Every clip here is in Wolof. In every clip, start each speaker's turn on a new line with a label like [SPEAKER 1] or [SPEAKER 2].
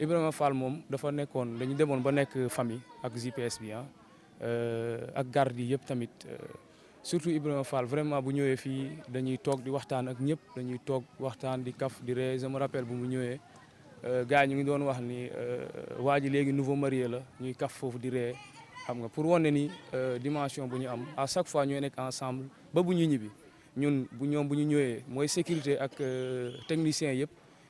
[SPEAKER 1] Ibrahima Fall mom dafa nekkone dañu demoon ba nekk famille ak GPS bi hein euh ak garde yépp tamit euh, surtout Ibrahima Fall vraiment bu ñëwé fi dañuy tok di waxtaan ak ñëpp dañuy tok waxtaan di kaf di ree je me rappelle bu mu ñëwee euh, gars ñu ngi doon wax ni euh waji légui nouveau marié la ñuy kaf fofu di ree xam nga pour wonné ni euh dimension bu ñu am à chaque fois ñu nekk ensemble ba bu ñu ñibi ñun bu ñom bu ñu ñëwé moy sécurité ak euh, technicien yépp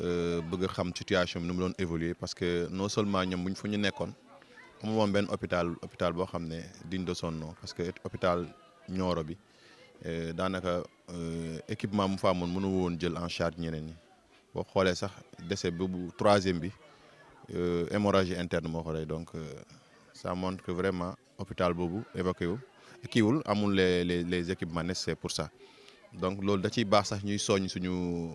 [SPEAKER 2] euh, a xam situation bi nu mu évoluer parce que non seulement ñoom bu ñu fu ñu nekkoon amul woon benn hôpital hôpital bo xamné ne digne de son nom parce que hôpital Nioro bi euh danaka euh équipement mu fa amoon mënu woon jël en charge ñeneen ñi bo xolé sax décès bi bu e bi euh hémorragie interne moo ko donc euh, ça montre que vraiment hôpital bobu évacué wu ki kiiwul amul les les les équipements nécessaires pour ça donc lool da ci baax sax ñuy soññ suñu.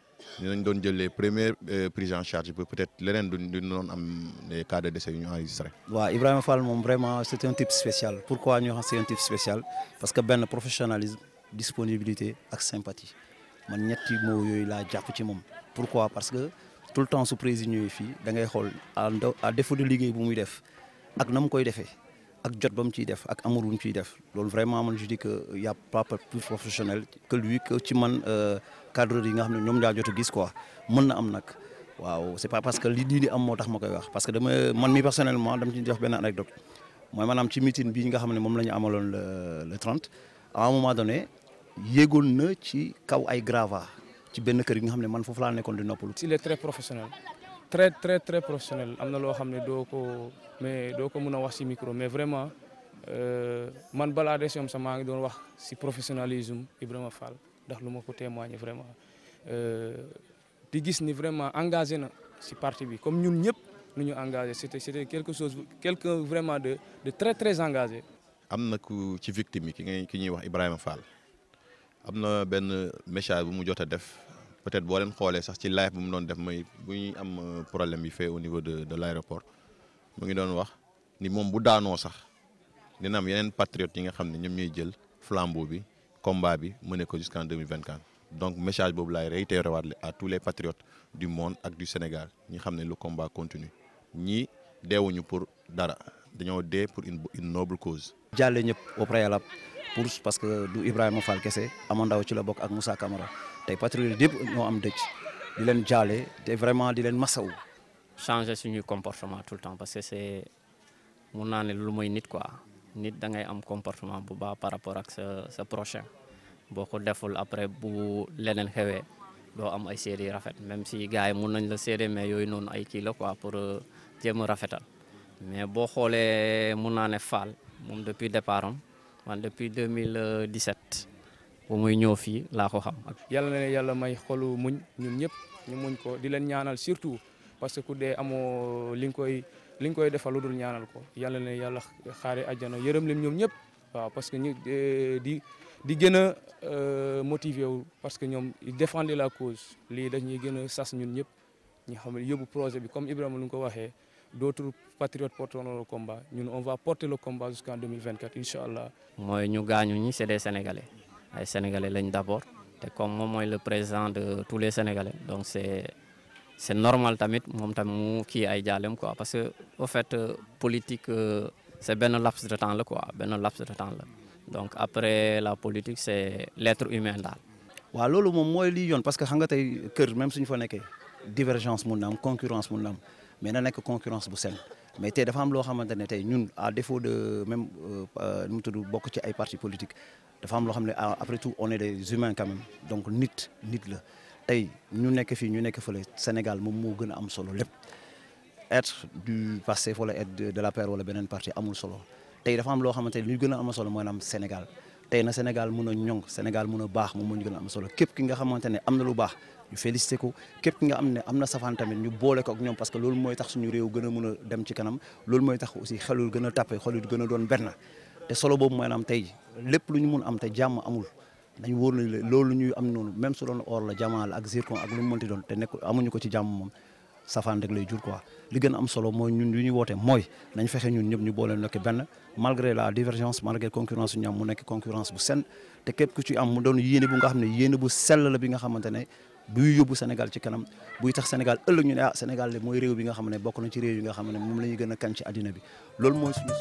[SPEAKER 2] Nous avons les premières euh, prises en charge peut être que duñ duñ am les de décès unions ñu enregistré.
[SPEAKER 3] waaw Ibrahima Fall vraiment un type spécial pourquoi nous avons un type spécial parce que le professionnalisme disponibilité une sympathie Je suis très heureux de jàpp ci pourquoi parce que tout le temps sous président ñëwee fii da à défaut de ligue, bu muy def ak nous fait. koy fait ak jot bam mu ciy def ak amour bu ciy def loolu vraiment man je dis que y' a pas plus professionnel que lui que ci man euh, cadre yi nga xam ne ñoom laa jot a gis quoi mën na am nag waaw c' est pas parce que li lii di am moo tax ma koy wax parce que dama man mi personnellement dama ci jox benn anecdote mooy maanaam ci meeting bii nga xam ne moom la ñu amaloon le le 30 à un moment donné yéegoon na ci kaw ay grava ci benn kër yi nga xam ne man foofu laa nekkoon di noppalu.
[SPEAKER 1] il est très professionnel très très très professionnel amna lo xamné xam ko mais do ko mun wax ci micro mais vraiment euh, man balaa des yom sax ngi doon wax si professionnalisme Ibrahima Fall ndax luma ko témoigner vraiment euh, di gis ni vraiment engagé na si parti bi comme ñun ñëpp nu ñu engagé c'était c'était quelque chose quelqu'un vraiment de de très très engagé.
[SPEAKER 2] amna ku ci victime ki ngay ki ñuy wax Ibrahima Fall Amn'a ben message bu mu jotta def peut-être boo leen xoolee sax ci live bu mu doon def mooy bu ñuy am euh, problème yi fé au niveau de de l'aéroport mu ngi doon wax ni mom bu daano sax dina am yenen patriotes yi nga xam ñom ñoom jël flambeau bi combat bi mené ko jusqu'en 2024 donc message boobu laay réitéré waat à tous les patriotes du monde ak du Sénégal ñi xam le combat continue ñi déwuñu pour dara dañoo dé pour une une noble cause jàlle ñëpp au préalable
[SPEAKER 3] pour parce que du Ibrahima Fall kese Ama Ndaw ci la bokk ak Moussa Camara tey patriote yëpp ñoo am dëj di leen jaale te vraiment di leen masawu.
[SPEAKER 4] changer suñuy comportement tout le temps parce que c'est mun naa ne lu mooy nit quoi nit da ngay am comportement bu baax par rapport ak sa sa prochain boo ko deful après bu leneen xewee doo am ay série yu rafet même si gars yi mun nañ la série mais yooyu noonu ay kii la quoi pour euh, jéem rafetal mais boo xoolee mun naa ne Fall. moom depuis départ am man depuis 2017 bu muy ñëw fii laa ko xam.
[SPEAKER 1] yàlla na yàlla may xolu muñ ñun ñëpp ñu muñ ko di leen ñaanal surtout parce que ku dee amoo li nga koy li nga koy defal lu dul ñaanal ko yàlla na yàlla xaare àjjana yërëm lim ñoom ñëpp waaw parce que ñu di di gën a euh, motivé wu parce que ñoom défendre la cause lii dañuy gën a sas ñun ñëpp ñu xam ne yóbbu projet bi comme Ibrahima lu ko waxee d'autres patriotes porteront le combat. Nous, on va porter le combat jusqu'en 2024, Inch'Allah.
[SPEAKER 4] Moi, nous gagnons, c'est des Sénégalais. Les Sénégalais d'abord. Comme moi, le président de tous les Sénégalais. Donc c'est c'est normal tamit moom tamit mu kii ay quoi parce que au fait euh, politique euh, c'est bien laps de temps quoi un laps de temps donc après la politique c'est l'être humain c'est
[SPEAKER 3] ce que je veux dire. parce que je nga tey même suñu fa divergence mun concurrence mais na nekk concurrence bu sel mais tey dafa am lo xamantene tay ñun à défaut de même euh, euh nous tudd bokk ci ay parti politique dafa am lo xam ah, après tout on est des humains quand même donc nit nit la tay ñu nekk fi ñu nekk feulé Sénégal moom mo gëna am solo lépp être du passé wala être de la paire wala benen parti amul solo tay dafa am lo xamantene ñu gëna am solo mooy na Sénégal tay na Sénégal mëna ñong Sénégal mëna a baax mo moo ñu am solo képp ki nga xamantene amna lu baax ñu félicité ko képp nga am ne am na safaan tamit ñu boole ko ak ñoom parce que loolu mooy tax suñu réew gën a mun a dem ci kanam loolu mooy tax aussi xelul gën a tàppe xelul gën a doon benn te solo boobu mooy am tey lépp lu ñu mun am te jàmm amul dañu wóor na loolu ñuy am noonu même su doon or la jamaa la ak zircon ak lu mu mënti doon te nekk amuñu ko ci jàmm moom safaan rek lay jur quoi li gën am solo mooy ñun li ñuy woote mooy nañ fexe ñun ñëpp ñu boole nekk benn malgré la divergence malgré concurrence ñu am mu nekk concurrence bu sen te képp ku ci am mu doon yéene bu nga xam ne yéene bu sell la bi nga xamante ne buy yóbbu Sénégal ci kanam buy tax Sénégal ëllëg ñu ne ah Sénégal de mooy réew bi nga xam ne bokk na ci réew yi nga xam ne moom la ñuy gën a kañ ci àddina bi loolu mooy suñu